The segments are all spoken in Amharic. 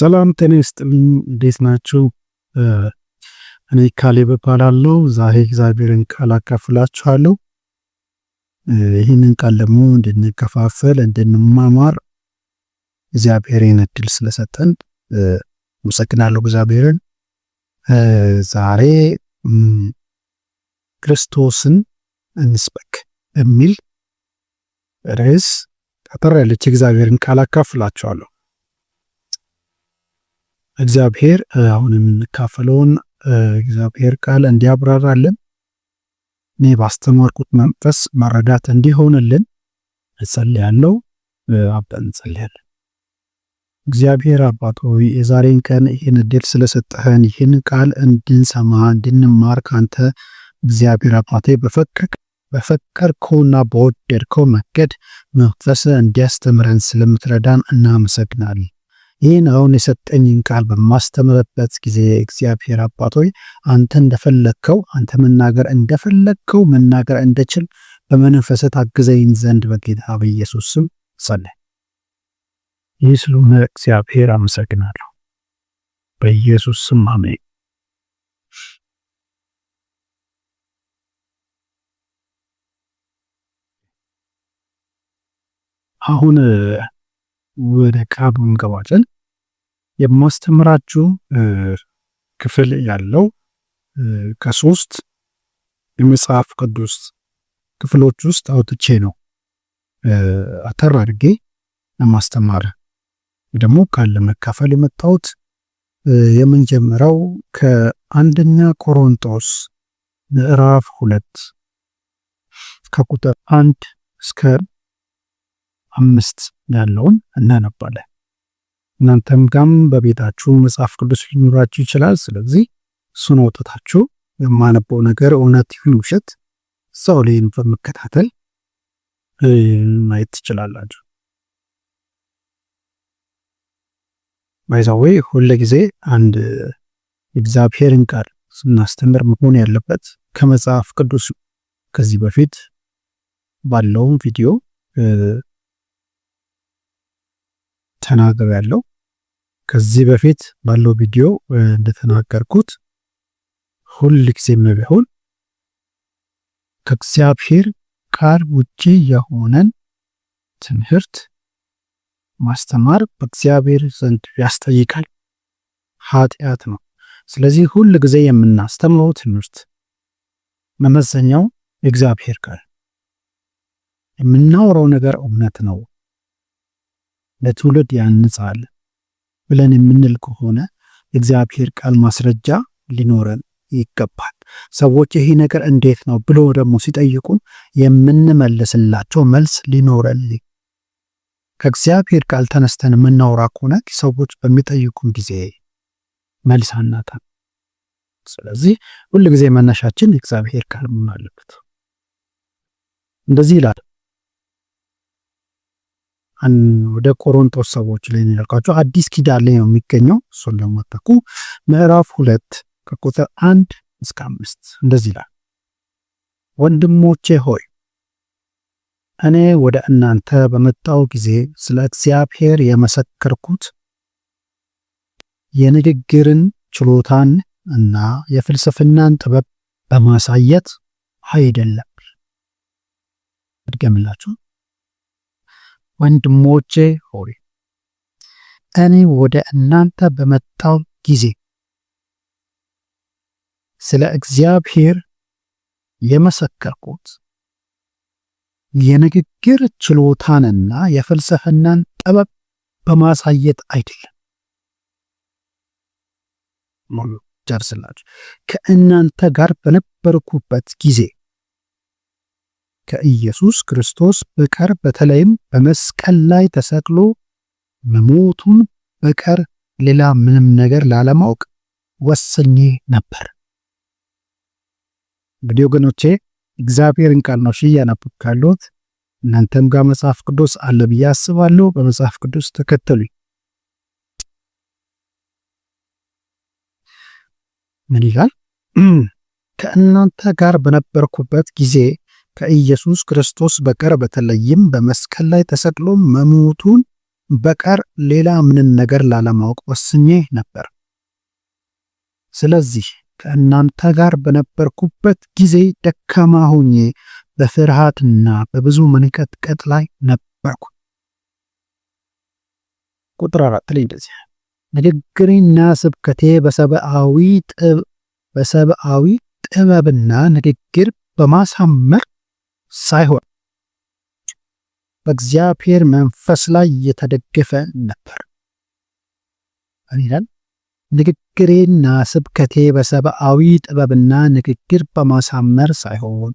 ሰላም ጤና ይስጥልኝ። እንዴት ናችሁ? እኔ ካሌብ እባላለሁ። ዛሬ እግዚአብሔርን ቃል አካፍላችኋለሁ። ይህንን ቃል ደግሞ እንድንከፋፈል እንድንማማር እግዚአብሔርን እድል ስለሰጠን አመሰግናለሁ እግዚአብሔርን። ዛሬ ክርስቶስን እንስበክ የሚል ርዕስ ቀጠር ያለች እግዚአብሔርን ቃል አካፍላችኋለሁ። እግዚአብሔር አሁን የምንካፈለውን እግዚአብሔር ቃል እንዲያብራራልን እኔ ባስተማርኩት መንፈስ መረዳት እንዲሆንልን እጸልያለሁ። አብረን እንጸልያለን። እግዚአብሔር አባት ሆይ የዛሬን ቀን ይህን እድል ስለሰጠህን ይህን ቃል እንድንሰማ እንድንማር ካንተ እግዚአብሔር አባቴ በፈቀቅ በፈቀድከውና በወደድከው መንገድ መንፈስ እንዲያስተምረን ስለምትረዳን እናመሰግናለን። ይህን አሁን የሰጠኝን ቃል በማስተምርበት ጊዜ እግዚአብሔር አባቶይ አንተ እንደፈለግከው አንተ መናገር እንደፈለግከው መናገር እንደችል በመንፈስ ታግዘኝ ዘንድ በጌታ በኢየሱስ ስም ጸለይ። ይህ ስለሆነ እግዚአብሔር አመሰግናለሁ። በኢየሱስ ስም አሜን። አሁን ወደ ካብ እንገባለን። የማስተምራችሁ ክፍል ያለው ከሶስት የመጽሐፍ ቅዱስ ክፍሎች ውስጥ አውጥቼ ነው አተር አድርጌ ለማስተማር ደግሞ ካለ መካፈል የመጣሁት የምንጀምረው ከአንደኛ ቆሮንቶስ ምዕራፍ ሁለት ከቁጥር አንድ እስከ አምስት ያለውን እናነባለን። እናንተም ጋም በቤታችሁ መጽሐፍ ቅዱስ ሊኖራችሁ ይችላል። ስለዚህ እሱን አውጥታችሁ የማነበው ነገር እውነት ይሁን ውሸት ሰው ላይን በመከታተል ማየት ትችላላችሁ። ባይዛዌ ሁለ ጊዜ አንድ እግዚአብሔርን ቃል ስናስተምር መሆን ያለበት ከመጽሐፍ ቅዱስ ከዚህ በፊት ባለውም ቪዲዮ ያለው ከዚህ በፊት ባለው ቪዲዮ እንደተናገርኩት ሁል ጊዜም ቢሆን ከእግዚአብሔር ቃል ውጪ የሆነን ትምህርት ማስተማር በእግዚአብሔር ዘንድ ያስጠይቃል፣ ኃጢአት ነው። ስለዚህ ሁል ጊዜ የምናስተምረው ትምህርት መመዘኛው እግዚአብሔር ቃል የምናወራው ነገር እውነት ነው ለትውልድ ያንጻል ብለን የምንል ከሆነ እግዚአብሔር ቃል ማስረጃ ሊኖረን ይገባል። ሰዎች ይሄ ነገር እንዴት ነው ብሎ ደግሞ ሲጠይቁን የምንመልስላቸው መልስ ሊኖረን ከእግዚአብሔር ቃል ተነስተን የምናወራ ከሆነ ሰዎች በሚጠይቁን ጊዜ መልስ አናጣም። ስለዚህ ሁል ጊዜ መነሻችን እግዚአብሔር ቃል መሆን አለበት። እንደዚህ ይላል ወደ ቆሮንቶስ ሰዎች ላይ ነው ያልኳቸው። አዲስ ኪዳን ላይ ነው የሚገኘው። እሱን ለማታውቁ ምዕራፍ ሁለት ከቁጥር አንድ እስከ አምስት እንደዚህ ይላል። ወንድሞቼ ሆይ እኔ ወደ እናንተ በመጣው ጊዜ ስለ እግዚአብሔር የመሰከርኩት የንግግርን ችሎታን እና የፍልስፍናን ጥበብ በማሳየት አይደለም። እድገምላችሁ ወንድሞቼ ሆይ እኔ ወደ እናንተ በመጣው ጊዜ ስለ እግዚአብሔር የመሰከርኩት የንግግር ችሎታንና የፍልስፍናን ጥበብ በማሳየት አይደለም። ጨርስላችሁ ከእናንተ ጋር በነበርኩበት ጊዜ ከኢየሱስ ክርስቶስ በቀር በተለይም በመስቀል ላይ ተሰቅሎ መሞቱን በቀር ሌላ ምንም ነገር ላለማወቅ ወስኜ ነበር። እንግዲህ ወገኖቼ እግዚአብሔርን ቃል ነው እያነበብኩ ካለሁት እናንተም ጋር መጽሐፍ ቅዱስ አለ ብዬ አስባለሁ። በመጽሐፍ ቅዱስ ተከተሉኝ። ምን ይላል? ከእናንተ ጋር በነበርኩበት ጊዜ ከኢየሱስ ክርስቶስ በቀር በተለይም በመስቀል ላይ ተሰቅሎ መሞቱን በቀር ሌላ ምንም ነገር ላለማወቅ ወስኜ ነበር። ስለዚህ ከእናንተ ጋር በነበርኩበት ጊዜ ደካማ ሆኜ በፍርሃትና በብዙ መንቀጥቀጥ ላይ ነበርኩ። ቁጥር አራት ላይ እንደዚህ ንግግሬና ስብከቴ በሰብአዊ ጥበብና ንግግር በማሳመር ሳይሆን በእግዚአብሔር መንፈስ ላይ የተደገፈ ነበር ይላል። ንግግሬና ስብከቴ በሰብአዊ ጥበብና ንግግር በማሳመር ሳይሆን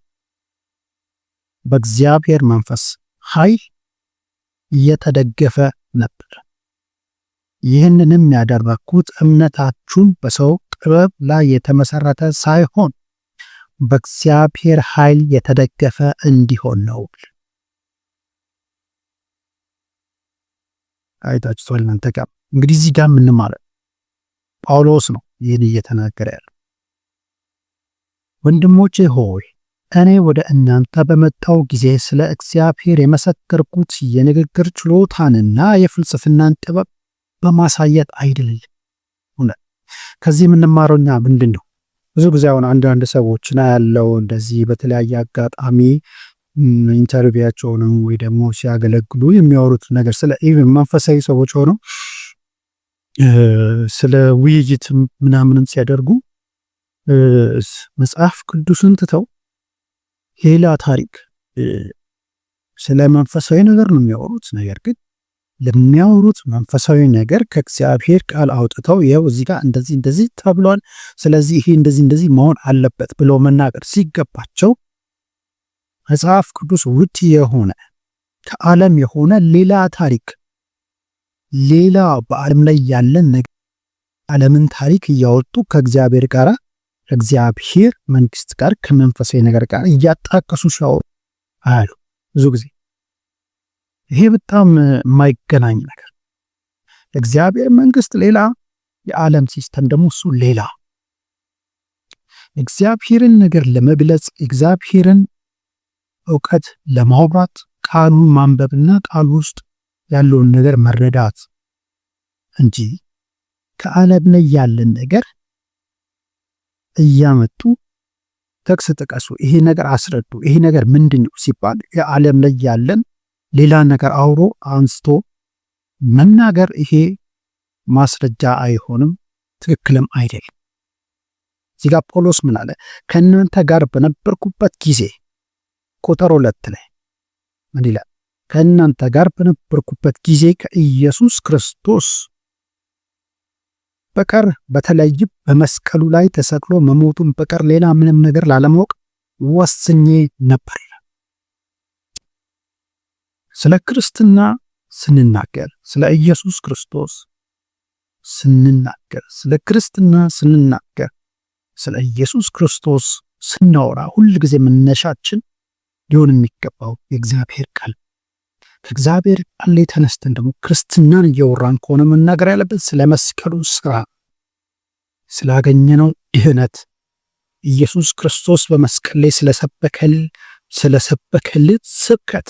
በእግዚአብሔር መንፈስ ኃይል እየተደገፈ ነበር። ይህንንም ያደረግኩት እምነታችሁን በሰው ጥበብ ላይ የተመሰረተ ሳይሆን በእግዚአብሔር ኃይል የተደገፈ እንዲሆን ነው። አይታችኋል እናንተ ጋር እንግዲህ እዚህ ጋር ምን ማለት ጳውሎስ ነው ይህን እየተናገረ ያለ። ወንድሞቼ ሆይ እኔ ወደ እናንተ በመጣው ጊዜ ስለ እግዚአብሔር የመሰከርኩት የንግግር ችሎታንና የፍልስፍናን ጥበብ በማሳየት አይደለም። እውነት ከዚህ የምንማረው እኛ ምንድን ነው? ብዙ ጊዜ አሁን አንዳንድ ሰዎች ና ያለው እንደዚህ በተለያየ አጋጣሚ ኢንተርቪያቸውንም ወይ ደግሞ ሲያገለግሉ የሚያወሩት ነገር ስለ ኢቨን መንፈሳዊ ሰዎች ሆነው ስለ ውይይት ምናምንን ሲያደርጉ መጽሐፍ ቅዱስን ትተው ሌላ ታሪክ ስለ መንፈሳዊ ነገር ነው የሚያወሩት። ነገር ግን ለሚያወሩት መንፈሳዊ ነገር ከእግዚአብሔር ቃል አውጥተው ይኸው እዚህ ጋር እንደዚህ እንደዚህ ተብሏል፣ ስለዚህ ይሄ እንደዚህ እንደዚህ መሆን አለበት ብሎ መናገር ሲገባቸው መጽሐፍ ቅዱስ ውድ የሆነ ከዓለም የሆነ ሌላ ታሪክ ሌላ በዓለም ላይ ያለን ነገር ዓለምን ታሪክ እያወጡ ከእግዚአብሔር ጋር ከእግዚአብሔር መንግስት ጋር ከመንፈሳዊ ነገር ጋር እያጣቀሱ ሲያወሩ አሉ ብዙ ጊዜ ይሄ በጣም የማይገናኝ ነገር እግዚአብሔር መንግስት ሌላ፣ የዓለም ሲስተም ደግሞ እሱ ሌላ። እግዚአብሔርን ነገር ለመብለጽ እግዚአብሔርን እውቀት ለማውራት ቃሉን ማንበብና ቃሉ ውስጥ ያለውን ነገር መረዳት እንጂ ከዓለም ላይ ያለን ነገር እያመጡ ጥቅስ ጥቀሱ፣ ይሄ ነገር አስረዱ፣ ይሄ ነገር ምንድን ነው ሲባል የዓለም ላይ ያለን ሌላ ነገር አውሮ አንስቶ መናገር ይሄ ማስረጃ አይሆንም፣ ትክክልም አይደለም። እዚህ ጋር ጳውሎስ ምን አለ? ከእናንተ ጋር በነበርኩበት ጊዜ ቁጥር ሁለት ላይ ምን ይላል? ከእናንተ ጋር በነበርኩበት ጊዜ ከኢየሱስ ክርስቶስ በቀር በተለይ በመስቀሉ ላይ ተሰቅሎ መሞቱን በቀር ሌላ ምንም ነገር ላለማወቅ ወስኜ ነበር ስለ ክርስትና ስንናገር ስለ ኢየሱስ ክርስቶስ ስንናገር ስለ ክርስትና ስንናገር ስለ ኢየሱስ ክርስቶስ ስናወራ ሁል ጊዜ መነሻችን ሊሆን የሚገባው የእግዚአብሔር ቃል ከእግዚአብሔር ቃል ላይ ተነስተን ደግሞ ክርስትናን እያወራን ከሆነ መናገር ያለበት ስለ መስቀሉ ስራ ስላገኘነው ድህነት ኢየሱስ ክርስቶስ በመስቀል ላይ ስለሰበከል ስለሰበከል ስብከት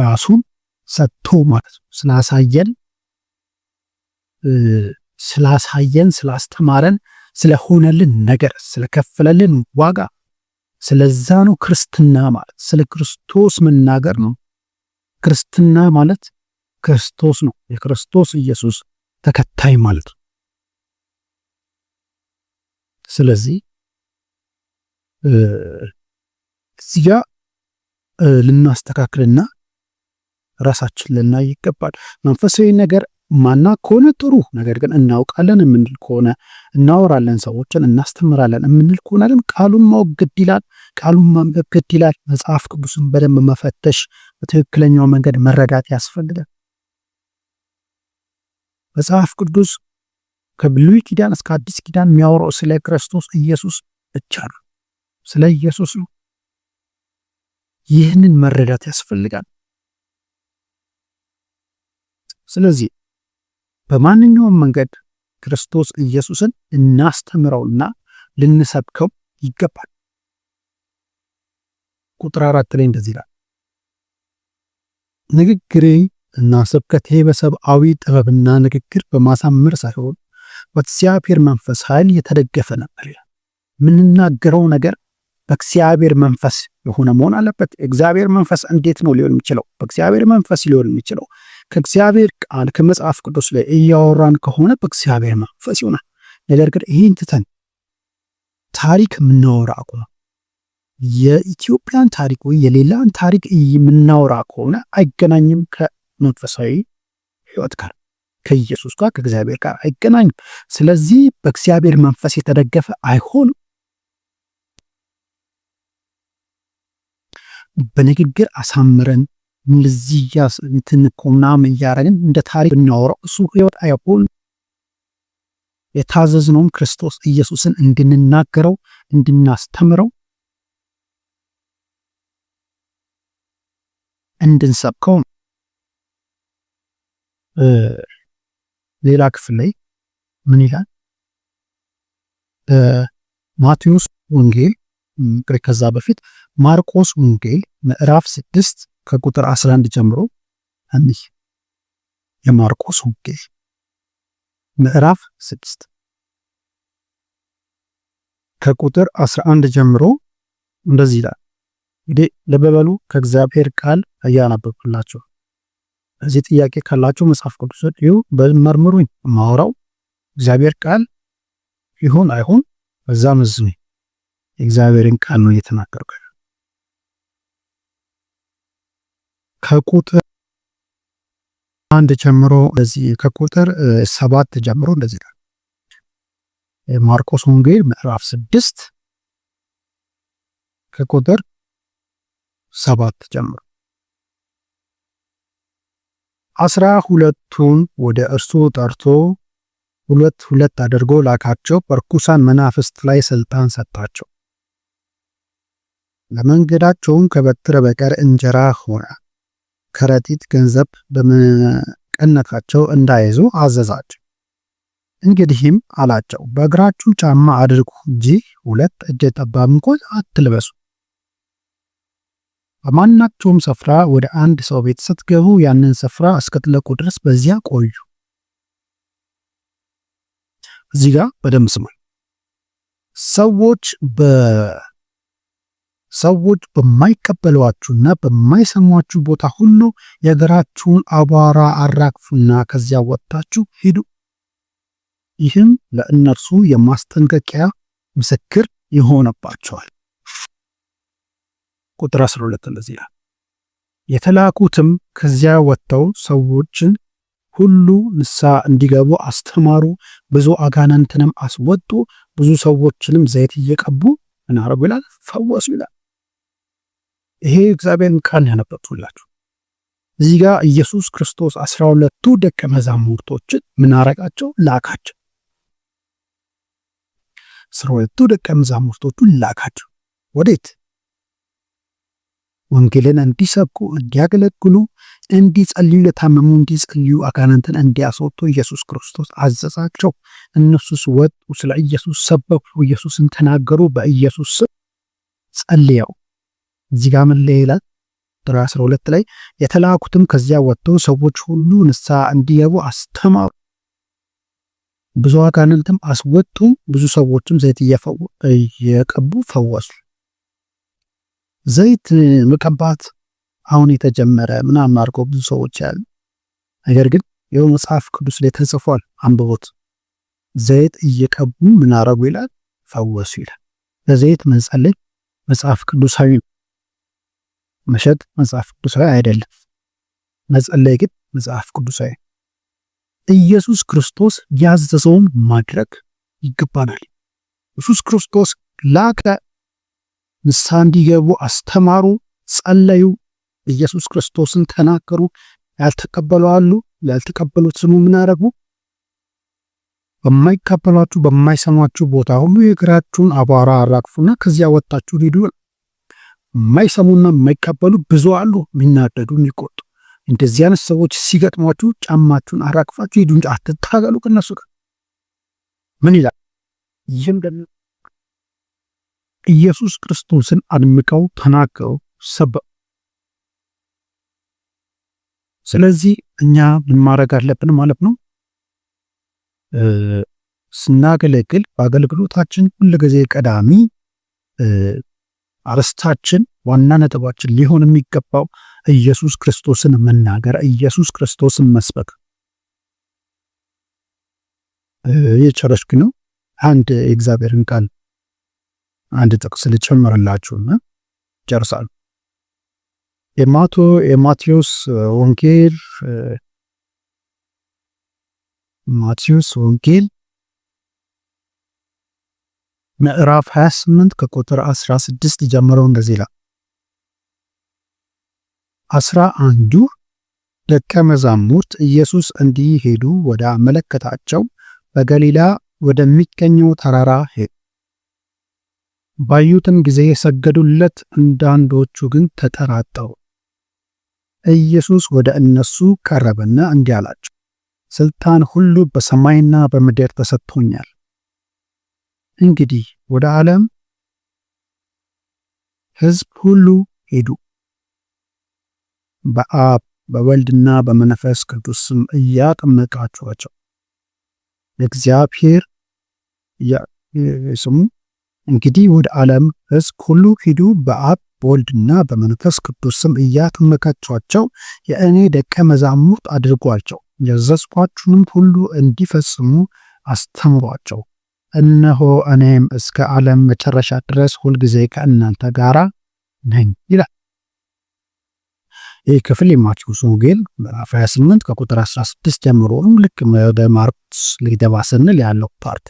ራሱን ሰጥቶ ማለት ነው ስላሳየን ስላሳየን ስላስተማረን ስለሆነልን ነገር ስለከፈለልን ዋጋ ስለዛ ነው ክርስትና ማለት ስለ ክርስቶስ መናገር ነው። ክርስትና ማለት ክርስቶስ ነው፣ የክርስቶስ ኢየሱስ ተከታይ ማለት ነው። ስለዚህ እዚያ ልናስተካክልና ራሳችን ልናይ ይገባል። መንፈሳዊ ነገር ማና ከሆነ ጥሩ ነገር ግን እናውቃለን የምንል ከሆነ እናወራለን፣ ሰዎችን እናስተምራለን የምንል ከሆነ ግን ቃሉን ማወቅ ግድ ይላል። ቃሉን ማንበብ ግድ ይላል። መጽሐፍ ቅዱስን በደንብ መፈተሽ፣ በትክክለኛው መንገድ መረዳት ያስፈልጋል። መጽሐፍ ቅዱስ ከብሉይ ኪዳን እስከ አዲስ ኪዳን የሚያወራው ስለ ክርስቶስ ኢየሱስ ብቻ ነው። ስለ ኢየሱስ ነው። ይህንን መረዳት ያስፈልጋል። ስለዚህ በማንኛውም መንገድ ክርስቶስ ኢየሱስን እናስተምረውና ልንሰብከው ይገባል። ቁጥር አራት ላይ እንደዚህ ይላል፣ ንግግሬ እና ስብከቴ በሰብአዊ ጥበብና ንግግር በማሳመር ሳይሆን በእግዚአብሔር መንፈስ ኃይል የተደገፈ ነበር። የምንናገረው ነገር በእግዚአብሔር መንፈስ የሆነ መሆን አለበት። እግዚአብሔር መንፈስ እንዴት ነው ሊሆን የሚችለው? በእግዚአብሔር መንፈስ ሊሆን የሚችለው ከእግዚአብሔር ቃል ከመጽሐፍ ቅዱስ ላይ እያወራን ከሆነ በእግዚአብሔር መንፈስ ይሆናል። ነገር ግን ይህን ትተን ታሪክ የምናወራ ከሆነ የኢትዮጵያን ታሪክ ወይ የሌላን ታሪክ የምናወራ ከሆነ አይገናኝም ከመንፈሳዊ ህይወት ጋር ከኢየሱስ ጋር ከእግዚአብሔር ጋር አይገናኝም። ስለዚህ በእግዚአብሔር መንፈስ የተደገፈ አይሆንም። በንግግር አሳምረን እንደዚህ እያስንትንኮ ምናምን እያረግን እንደ ታሪክ ብናወራው እሱ ህይወት አይሆን። የታዘዝነውም ክርስቶስ ኢየሱስን እንድንናገረው እንድናስተምረው እንድንሰብከው ሌላ ክፍል ላይ ምን ይላል? ማቴዎስ ወንጌል ከዛ በፊት ማርቆስ ወንጌል ምዕራፍ ስድስት ከቁጥር 11 ጀምሮ እንይ። የማርቆስ ወንጌል ምዕራፍ 6 ከቁጥር 11 ጀምሮ እንደዚህ ይላል። እንግዲህ ልብ በሉ፣ ከእግዚአብሔር ቃል እያነበብኩላችሁ። እዚህ ጥያቄ ካላችሁ መጽሐፍ ቅዱስ እዩ፣ በመርምሩኝ ማውራው እግዚአብሔር ቃል ይሁን አይሁን በዛ ምዝኝ የእግዚአብሔርን ቃል ነው እየተናገርኩ ከቁጥር አንድ ጀምሮ እንደዚህ ከቁጥር ሰባት ጀምሮ እንደዚህ ነው። ማርቆስ ወንጌል ምዕራፍ ስድስት ከቁጥር ሰባት ጀምሮ አስራ ሁለቱን ወደ እርሱ ጠርቶ ሁለት ሁለት አድርጎ ላካቸው፣ በርኩሳን መናፍስት ላይ ስልጣን ሰጣቸው። ለመንገዳቸውም ከበትረ በቀር እንጀራ ሆነ። ከረጢት ገንዘብ በመቀነታቸው እንዳይዙ አዘዛቸው። እንግዲህም አላቸው በእግራችሁ ጫማ አድርጉ እንጂ ሁለት እጀ ጠባብ እንቆይ አትልበሱ። በማናቸውም ስፍራ ወደ አንድ ሰው ቤት ስትገቡ ያንን ስፍራ እስከትለቁ ድረስ በዚያ ቆዩ። እዚህ ጋር በደንብ ስማል። ሰዎች በ ሰዎች በማይቀበሏችሁና በማይሰሟችሁ ቦታ ሁሉ የእግራችሁን አቧራ አራግፉና ከዚያ ወጥታችሁ ሂዱ። ይህም ለእነርሱ የማስጠንቀቂያ ምስክር ይሆነባቸዋል። ቁጥር 12 እንደዚህ ይላል፣ የተላኩትም ከዚያ ወጥተው ሰዎችን ሁሉ ንስሐ እንዲገቡ አስተማሩ፣ ብዙ አጋንንትንም አስወጡ፣ ብዙ ሰዎችንም ዘይት እየቀቡ እናረጉ አረጉ ይላል? ፈወሱ ይላል። ይሄ እግዚአብሔርን ቃል ያነበብኩላችሁ እዚህ ጋር ኢየሱስ ክርስቶስ አስራ ሁለቱ ደቀ መዛሙርቶችን ምናረቃቸው ላካቸው። አስራ ሁለቱ ደቀ መዛሙርቶቹን ላካቸው። ወዴት? ወንጌልን እንዲሰብኩ፣ እንዲያገለግሉ፣ እንዲጸልዩ፣ ለታመሙ እንዲጸልዩ፣ አጋንንትን እንዲያስወጡ ኢየሱስ ክርስቶስ አዘዛቸው። እነሱስ ወጡ፣ ስለ ኢየሱስ ሰበኩ፣ ኢየሱስን ተናገሩ፣ በኢየሱስ ስም ጸልየው እዚህ ጋር ምን ላይ ይላል? ቁጥር 12 ላይ የተላኩትም ከዚያ ወጥተው ሰዎች ሁሉ ንስሐ እንዲገቡ አስተማሩ። ብዙ አጋንንትም አስወጡ፣ ብዙ ሰዎችም ዘይት እየቀቡ ፈወሱ። ዘይት መቀባት አሁን የተጀመረ ምናምን አድርገው ብዙ ሰዎች ያሉ፣ ነገር ግን ይኸው መጽሐፍ ቅዱስ ላይ ተጽፏል፣ አንብቦት ዘይት እየቀቡ ምን አረጉ ይላል? ፈወሱ ይላል። በዘይት መጸለይ መጽሐፍ ቅዱሳዊ ነው። መሸጥ መጽሐፍ ቅዱሳዊ አይደለም። መጸለይ ግን መጽሐፍ ቅዱሳዊ፣ ኢየሱስ ክርስቶስ ያዘዘውን ማድረግ ይገባናል። ኢየሱስ ክርስቶስ ላከ፣ ንስሐ እንዲገቡ አስተማሩ፣ ጸለዩ፣ ኢየሱስ ክርስቶስን ተናገሩ። ያልተቀበሉ አሉ። ያልተቀበሉት ስሙ ምን አረጉ? በማይቀበሏችሁ በማይሰማችሁ ቦታ ሁሉ የእግራችሁን አቧራ አራግፉና ከዚያ ወጣችሁ ሂዱ። የማይሰሙና የማይቀበሉ ብዙ አሉ፣ የሚናደዱ የሚቆጡ። እንደዚህ አይነት ሰዎች ሲገጥሟችሁ ጫማችሁን አራግፋችሁ ሂዱ እንጂ አትታገሉ ከነሱ ጋር። ምን ይላል? ይህም ደግሞ ኢየሱስ ክርስቶስን አድምቀው ተናገሩ፣ ሰበኩ። ስለዚህ እኛ ምን ማድረግ አለብን ማለት ነው? ስናገለግል በአገልግሎታችን ሁልጊዜ ቀዳሚ አርስታችን ዋና ነጥባችን ሊሆን የሚገባው ኢየሱስ ክርስቶስን መናገር፣ ኢየሱስ ክርስቶስን መስበክ። የቸረሽክ ነው። አንድ የእግዚአብሔርን ቃል አንድ ጥቅስ ልጨምርላችሁና ጨርሳል። የማቶ የማቴዎስ ወንጌል ማቴዎስ ወንጌል ምዕራፍ 28 ከቁጥር 16 ጀምሮ እንደዚህ ይላል። አስራ አንዱ ደቀ መዛሙርት ኢየሱስ እንዲሄዱ ወደ አመለከታቸው በገሊላ ወደሚገኘው ተራራ ሄዱ። ባዩትም ጊዜ የሰገዱለት፣ አንዳንዶቹ ግን ተጠራጠሩ። ኢየሱስ ወደ እነሱ ቀረበና እንዲህ አላቸው፣ ሥልጣን ሁሉ በሰማይና በምድር ተሰጥቶኛል። እንግዲህ ወደ ዓለም ሕዝብ ሁሉ ሄዱ፣ በአብ በወልድና በመንፈስ ቅዱስ ስም እያጠመቃችኋቸው እግዚአብሔር ስሙ እንግዲህ ወደ ዓለም ሕዝብ ሁሉ ሂዱ በአብ በወልድና በመንፈስ ቅዱስ ስም እያጠመቃችኋቸው የእኔ ደቀ መዛሙርት አድርጓቸው ያዘዝኳችሁንም ሁሉ እንዲፈጽሙ አስተምሯቸው እነሆ እኔም እስከ ዓለም መጨረሻ ድረስ ሁልጊዜ ከእናንተ ጋራ ነኝ ይላል። ይህ ክፍል የማቴዎስ ወንጌል ምዕራፍ 28 ከቁጥር 16 ጀምሮ ልክ ወደ ማርቆስ ሊገባ ስንል ያለው ፓርት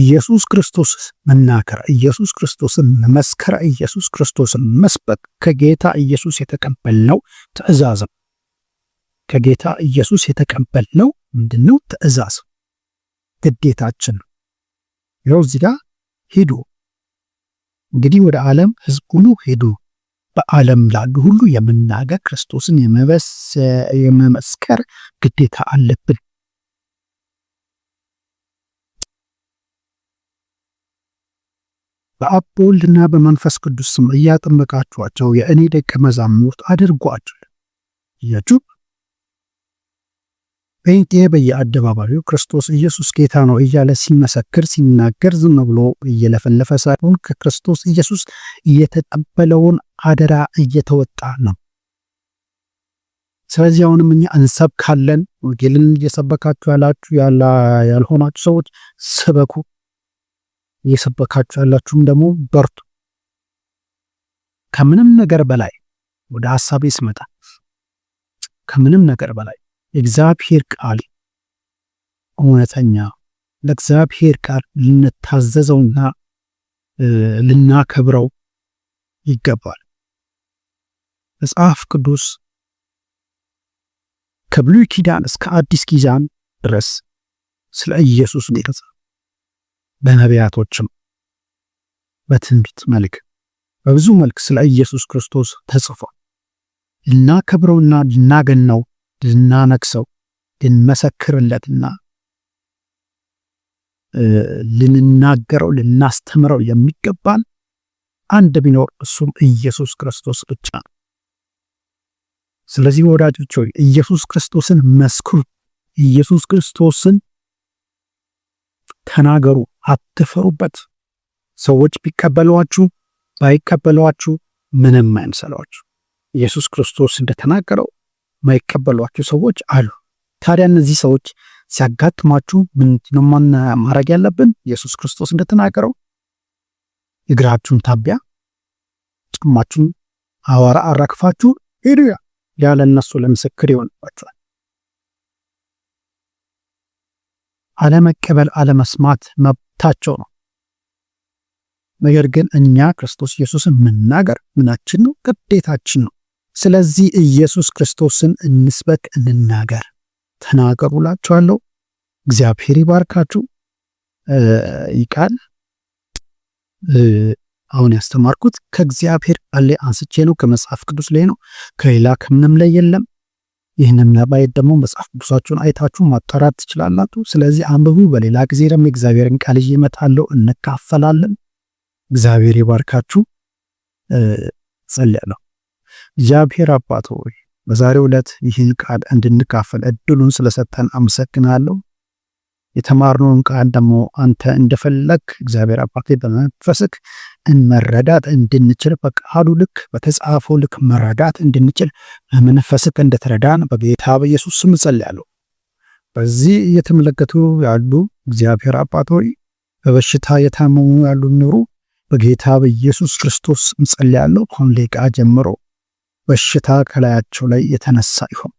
ኢየሱስ ክርስቶስ መናከር፣ ኢየሱስ ክርስቶስን መመስከር፣ ኢየሱስ ክርስቶስን መስበክ ከጌታ ኢየሱስ የተቀበልነው ትእዛዝ ነው። ከጌታ ኢየሱስ የተቀበልነው ምንድን ነው? ግዴታችን ነው። ይኸው እዚህ ጋር ሂዱ እንግዲህ ወደ ዓለም ህዝብ ሁሉ ሂዱ፣ በዓለም ላሉ ሁሉ የመናገር ክርስቶስን የመመስከር ግዴታ አለብን። በአብ በወልድና በመንፈስ ቅዱስ ስም እያጠመቃችኋቸው የእኔ ደቀ መዛሙርት አድርጓችሁ እያችሁ ጴንጤ በየአደባባዩ ክርስቶስ ኢየሱስ ጌታ ነው እያለ ሲመሰክር ሲናገር ዝም ብሎ እየለፈለፈ ሳይሆን ከክርስቶስ ኢየሱስ እየተቀበለውን አደራ እየተወጣ ነው። ስለዚህ አሁንም እኛ እንሰብካለን። ወንጌልን እየሰበካችሁ ያላችሁ ያልሆናችሁ ሰዎች ስበኩ፣ እየሰበካችሁ ያላችሁም ደግሞ በርቱ። ከምንም ነገር በላይ ወደ ሀሳቤ ስመጣ ከምንም ነገር በላይ የእግዚአብሔር ቃል እውነተኛ ለእግዚአብሔር ቃል ልንታዘዘውና ልናከብረው ይገባል። መጽሐፍ ቅዱስ ከብሉይ ኪዳን እስከ አዲስ ኪዳን ድረስ ስለ ኢየሱስ ገለጸ። በነቢያቶችም በትንቢት መልክ በብዙ መልክ ስለ ኢየሱስ ክርስቶስ ተጽፏል። ልናከብረውና ልናገነው ልናነክሰው ልንመሰክርለትና ልንናገረው ልናስተምረው የሚገባን አንድ ቢኖር እሱም ኢየሱስ ክርስቶስ ብቻ ነው። ስለዚህ ወዳጆች ሆይ ኢየሱስ ክርስቶስን መስክሩ፣ ኢየሱስ ክርስቶስን ተናገሩ፣ አትፈሩበት። ሰዎች ቢቀበሏችሁ ባይቀበሏችሁ ምንም አይምሰሏችሁ። ኢየሱስ ክርስቶስ እንደተናገረው የማይቀበሏቸው ሰዎች አሉ። ታዲያ እነዚህ ሰዎች ሲያጋጥማችሁ ምንድነው ማድረግ ያለብን? ኢየሱስ ክርስቶስ እንደተናገረው እግራችሁን ታቢያ ጫማችሁን አዋራ አራክፋችሁ ሄዱ ያለ እነሱ ለምስክር ይሆንባችኋል። አለመቀበል አለመስማት መብታቸው ነው። ነገር ግን እኛ ክርስቶስ ኢየሱስን መናገር ምናችን ነው፣ ግዴታችን ነው። ስለዚህ ኢየሱስ ክርስቶስን እንስበክ፣ እንናገር፣ ተናገሩላችኋለሁ። እግዚአብሔር ይባርካችሁ። ይቃል አሁን ያስተማርኩት ከእግዚአብሔር ቃል ላይ አንስቼ ነው፣ ከመጽሐፍ ቅዱስ ላይ ነው፣ ከሌላ ከምንም ላይ የለም። ይህንም ለማየት ደግሞ መጽሐፍ ቅዱሳችሁን አይታችሁ ማጣራት ትችላላችሁ። ስለዚህ አንብቡ። በሌላ ጊዜ ደግሞ እግዚአብሔርን ቃል ይዤ እመጣለሁ፣ እንካፈላለን። እግዚአብሔር ይባርካችሁ። ነው። እግዚአብሔር አባት ሆይ በዛሬው ዕለት ይህን ቃል እንድንካፈል እድሉን ስለሰጠን አመሰግናለሁ። የተማርነውን ቃል ደግሞ አንተ እንደፈለግ እግዚአብሔር አባቴ በመንፈስክ እንመረዳት እንድንችል በቃሉ ልክ በተጻፈው ልክ መረዳት እንድንችል በመንፈስክ እንደተረዳን በጌታ በኢየሱስ ስም ጸልያለሁ። በዚህ እየተመለከቱ ያሉ እግዚአብሔር አባት ሆይ በበሽታ የታመሙ ያሉ ኑሩ በጌታ በኢየሱስ ክርስቶስ እንጸልያለሁ። ከሁን ሌቃ ጀምሮ በሽታ ከላያቸው ላይ የተነሳ ይሁን፣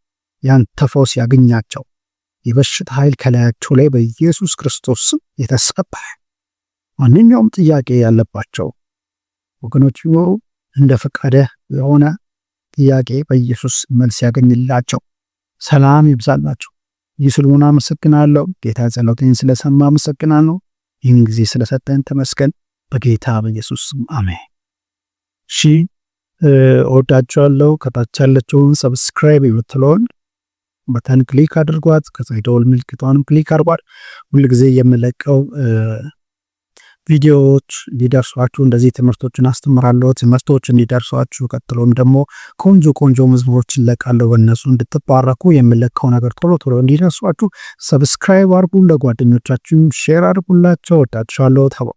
ያንተ ፈውስ ያገኛቸው። የበሽታ ኃይል ከላያቸው ላይ በኢየሱስ ክርስቶስ ስም የተሰባ። ማንኛውም ጥያቄ ያለባቸው ወገኖች ቢኖሩ እንደ ፈቃደህ የሆነ ጥያቄ በኢየሱስ መልስ ያገኝላቸው፣ ሰላም ይብዛላቸው። ይህ ስለሆነ አመሰግናለሁ። ጌታ ጸሎቴን ስለሰማ አመሰግናለሁ። ይህን ጊዜ ስለሰጠን ተመስገን። በጌታ በኢየሱስ ስም አሜን። እወዳችኋለሁ። ከታች ያለችውን ሰብስክራይብ የምትለውን በተን ክሊክ አድርጓት። ከዛ ደወል ምልክቷንም ክሊክ አድርጓት። ሁልጊዜ የምለቀው ቪዲዮዎች እንዲደርሷችሁ እንደዚህ ትምህርቶችን አስተምራለሁ። ትምህርቶች እንዲደርሷችሁ ቀጥሎም ደግሞ ቆንጆ ቆንጆ መዝሙሮች እለቃለሁ። በእነሱ እንድትባረኩ የምለቀው ነገር ቶሎ ቶሎ እንዲደርሷችሁ ሰብስክራይብ አድርጉ። ለጓደኞቻችሁ ሼር አድርጉላቸው። ወዳችኋለሁ። ተባ